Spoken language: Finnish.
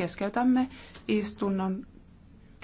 keskeytämme istunnon